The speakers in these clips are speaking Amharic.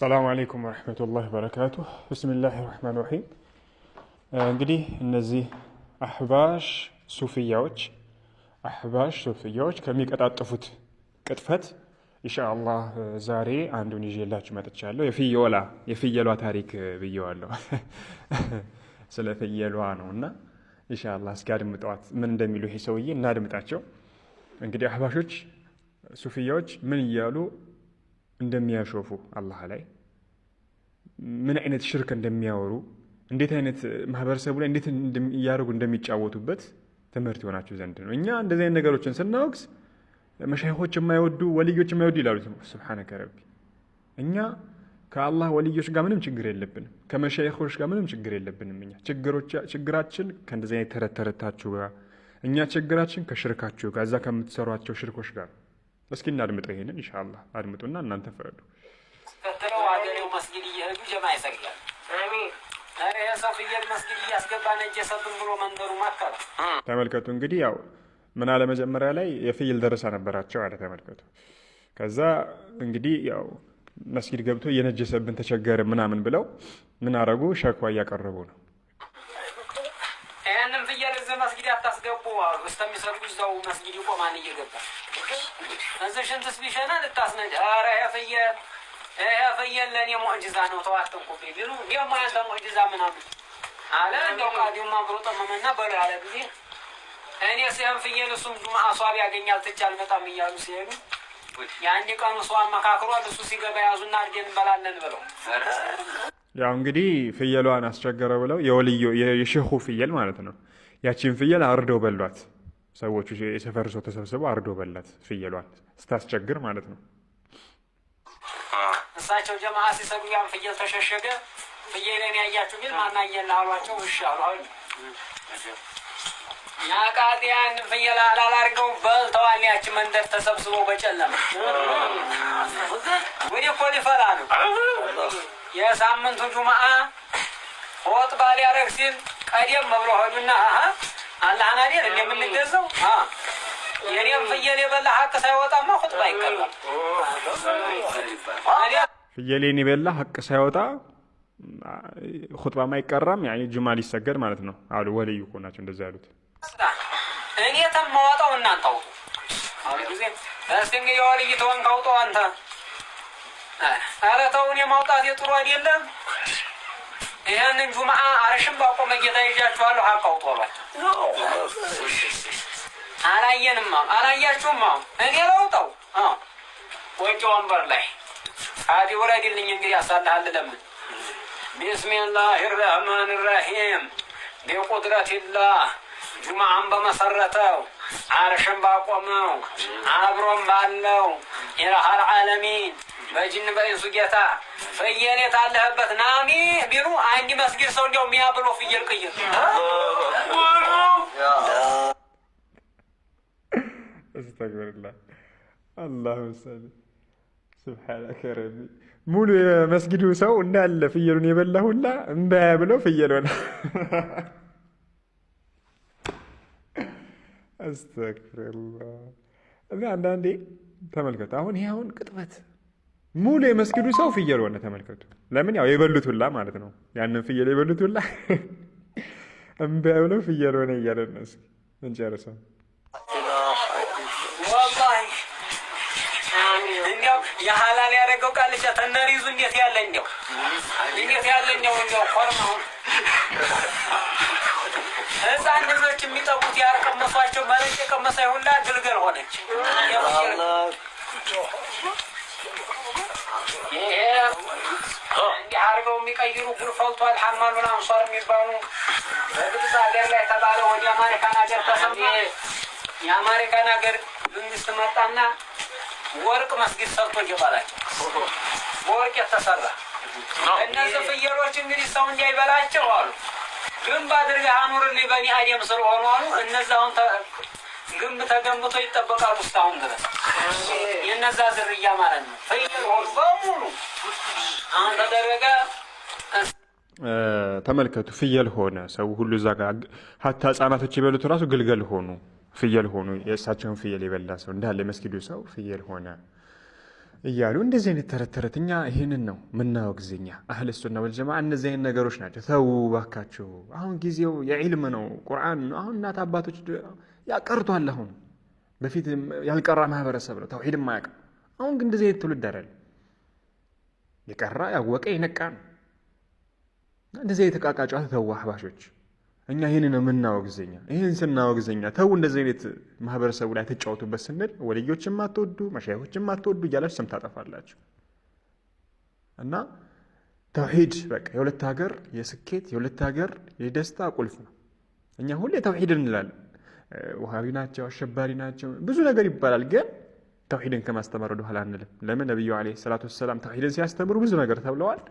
ሰላሙ አሌይኩም ወረሕመቱላህ በረካቱ። ብስሚላህ ራህማን ራሒም። እንግዲህ እነዚህ አሕባሽ ሱፍያዎች አሕባሽ ሱፍያዎች ከሚቀጣጥፉት ቅጥፈት እንሻአላ ዛሬ አንዱን ይዤላችሁ መጥቻለሁ። የፍየላ የፍየሏ ታሪክ ብየዋለሁ። ስለ ፍየሏ ነው እና ኢንሻአላህ እስኪ አድምጠዋት ምን እንደሚሉ ይሄ ሰውዬ እናድምጣቸው። እንግዲህ አህባሾች ሱፍያዎች ምን እያሉ እንደሚያሾፉ አላህ ላይ ምን አይነት ሽርክ እንደሚያወሩ እንዴት አይነት ማህበረሰቡ ላይ እንዴት እያደረጉ እንደሚጫወቱበት ትምህርት የሆናችሁ ዘንድ ነው። እኛ እንደዚህ አይነት ነገሮችን ስናወግዝ መሻይኮች የማይወዱ ወልዮች የማይወዱ ይላሉ። ስብሓነከ ረቢ እኛ ከአላህ ወልዮች ጋር ምንም ችግር የለብንም። ከመሻይኮች ጋር ምንም ችግር የለብንም። እኛ ችግራችን ከእንደዚህ አይነት ተረት ተረታችሁ ጋር እኛ ችግራችን ከሽርካችሁ እዛ ከምትሰሯቸው ሽርኮች ጋር። እስኪ እናድምጠው ይሄንን ኢንሻአላህ አድምጡና እናንተ ፈረዱ። ከተለው አገሬው መስጊድ እየሄዱ ጀማ ይሰግዳል። ይሄ ሰው ፍየል መስጊድ እያስገባ ብሎ መንደሩ ተመልከቱ እንግዲህ ያው ምን አለ መጀመሪያ ላይ የፍየል ደረሳ ነበራቸው አለ። ተመልከቱ ከዛ እንግዲህ ያው መስጊድ ገብቶ የነጀሰብን ተቸገረ ምናምን ብለው ምን አረጉ ሸኳ እያቀረቡ ነው እስከሚሰጡ እዛው መስጊድ ይቆማል እየገባ እዚህ ሽንትስ ቢሸና ልታስነጭ ኧረ ያፈየ ያፈየል ለእኔ ሙዕጅዛ ነው ተዋትንቁብ ቢሉ ደግሞ ያንተ ሙዕጅዛ ምናምን አለ። እንደው ቃዲውም አብሮ ጠመመና በሉ ያለ ጊዜ እኔ ሲህም ፍየል እሱም ጁማ አሷብ ያገኛል ትቻል በጣም እያሉ ሲሄዱ የአንድ ቀኑ ሰው አመካክሯል። እሱ ሲገባ ያዙና አድርገን እንበላለን ብለው ያው እንግዲህ ፍየሏን አስቸገረ ብለው የወልዮ የሸሁ ፍየል ማለት ነው። ያቺን ፍየል አርደው በሏት። ሰዎቹ የሰፈር ሰው ተሰብስበው አርዶ በላት ፍየሏን ስታስቸግር ማለት ነው። እሳቸው ጀማ ሲሰግዱ ያን ፍየል ተሸሸገ። ፍየሌን ያያችሁ ግን ማናየን አሏቸው። እሺ አሉ። ያቃጢያን ፍየል አላላርገው በልተዋል። ያች መንደር ተሰብስቦ በጨለመ ወደ እኮ ሊፈላ ነው። የሳምንቱ ጁምዓ ወጥ ባሊያረግ ሲል ቀደም ብሎ ሆዱና አላህን አይደል የምንገዛው? የኔም ፍየል የበላ ሀቅ ሳይወጣማ ሁጥባ አይቀርም። ፍየሌን የበላ ሀቅ ሳይወጣ ሁጥባማ አይቀራም። ያኔ ጅማ ሊሰገድ ማለት ነው አሉ ወልዩ እኮ ናቸው እንደዛ ያሉት። እኔ ተማወጣው እናንተ አውጡ። እስቲ እንግዲህ የወልይ ተወንክ አውጣው አንተ። ኧረ ተው እኔ ማውጣት የጥሩ አይደለም ይህንን ጁምዓ አረሽን ባቆመ ጌታ ይዣችኋለሁ። ሀቅ አውጡ አሏቸው። አላየንም። አሁን አላያችሁም። አሁን እኔ ለውጠው ወጭ ወንበር ላይ አዲ ውረድልኝ። እንግዲህ አሳልሃል ለምን ቢስሚላህ ራህማን ራሂም ላህ ጁማአን በመሰረተው አርሽን ባቆመው አብሮም ባለው ኢላሃል ዓለሚን በጅን በኢንሱ ጌታ ፍየል የታለህበት ናሚ ቢሉ አንድ መስጊድ ሰው እንዲያው የሚያብሎ ፍየል ቅይር እስተግብርላ አላሁ ሰሚ ስብሓናከ ረቢ ሙሉ የመስጊዱ ሰው እንዳለ ፍየሉን የበላሁላ ሁላ እምባ ብለው ፍየል ሆነ። አስተክፍርላ እና አንዳንዴ ተመልከቱ። አሁን ይህ አሁን ቅጥበት ሙሉ የመስጊዱ ሰው ፍየል ሆነ። ተመልከቱ። ለምን ያው የበሉት ሁላ ማለት ነው። ያንን ፍየል የበሉት ሁላ እምቢ ብለው ፍየል ሆነ እያለ ነው። እስኪ እንጨርሰው። የሀላል ያደረገው ቃልቻ ተነሪዙ እንዴት ያለኛው እንዴት ያለኛው እንደው ኮርማሁን የእሳቸው መረቅ የቀመሰ ሁላ ግልገል ሆነች። ይሄ እንዲህ አድርገው የሚቀይሩ ጉርፈልቷል ሐማሉን አንሷር የሚባሉ በግብፅ ሀገር ላይ ተባለ። ወደ አማሪካን ሀገር ተሰማ። የአማሪካን ሀገር መንግስት መጣና ወርቅ መስጊድ ሰርቶ ይባላቸው በወርቅ የተሰራ እነዚህ ፍየሎች እንግዲህ ሰው እንዳይበላቸው አሉ ግንብ አድርገህ አኑርልኝ በኒ አደም ስለሆኑ አሉ። እነዛውን ግንብ ተገንብቶ ይጠበቃሉ እስካሁን ድረስ የነዛ ዝርያ ማለት ነው። ፍየል ሆኑ በሙሉ አሁን ተደረገ። ተመልከቱ፣ ፍየል ሆነ ሰው ሁሉ እዛ ጋ ሀታ ህጻናቶች የበሉት ራሱ ግልገል ሆኑ፣ ፍየል ሆኑ። የእሳቸውን ፍየል የበላ ሰው እንዳለ መስጊዱ ሰው ፍየል ሆነ። እያሉ እንደዚህ አይነት ተረት ተረት እኛ ይህንን ነው ምናየው። ጊዜ እኛ አህል ሱና ወልጀማ እነዚህ አይነት ነገሮች ናቸው። ተዉ ባካችሁ፣ አሁን ጊዜው የዒልም ነው፣ ቁርአን ነው። አሁን እናት አባቶች ያቀርቷል። አሁን በፊት ያልቀራ ማህበረሰብ ነው ተውሒድ ማያውቅ። አሁን ግን እንደዚህ አይነት ትውልድ አይደል። የቀራ ያወቀ የነቃ ነው። እንደዚህ የተቃቃጫ ተቃቃጫ አህባሾች እኛ ይህንን የምናወግዘኛ ይህን ስናወግዘኛ ተው እንደዚህ አይነት ማህበረሰቡ ላይ ተጫወቱበት ስንል ወልዮች የማትወዱ መሻይኮች የማትወዱ እያላችሁ ስም ታጠፋላችሁ እና ተውሂድ በቃ የሁለት ሀገር የስኬት የሁለት ሀገር የደስታ ቁልፍ ነው። እኛ ሁሌ ተውሂድ እንላለን። ውሃቢ ናቸው፣ አሸባሪ ናቸው፣ ብዙ ነገር ይባላል። ግን ተውሂድን ከማስተማር ወደ ኋላ አንልም። ለምን ነቢዩ ዓለይሂ ሰላቱ ወሰላም ተውሂድን ሲያስተምሩ ብዙ ነገር ተብለዋል።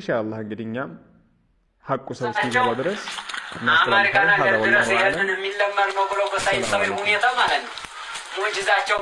ኢንሻአላህ እንግዲህ እኛም ሀቁ ሰው እስኪገባ ድረስ አሜሪካን ሀገር ድረስ ይህንን የሚለመድ ነው ብለው በሳይንሳዊ ሁኔታ ማለት ነው ሞጅዛቸው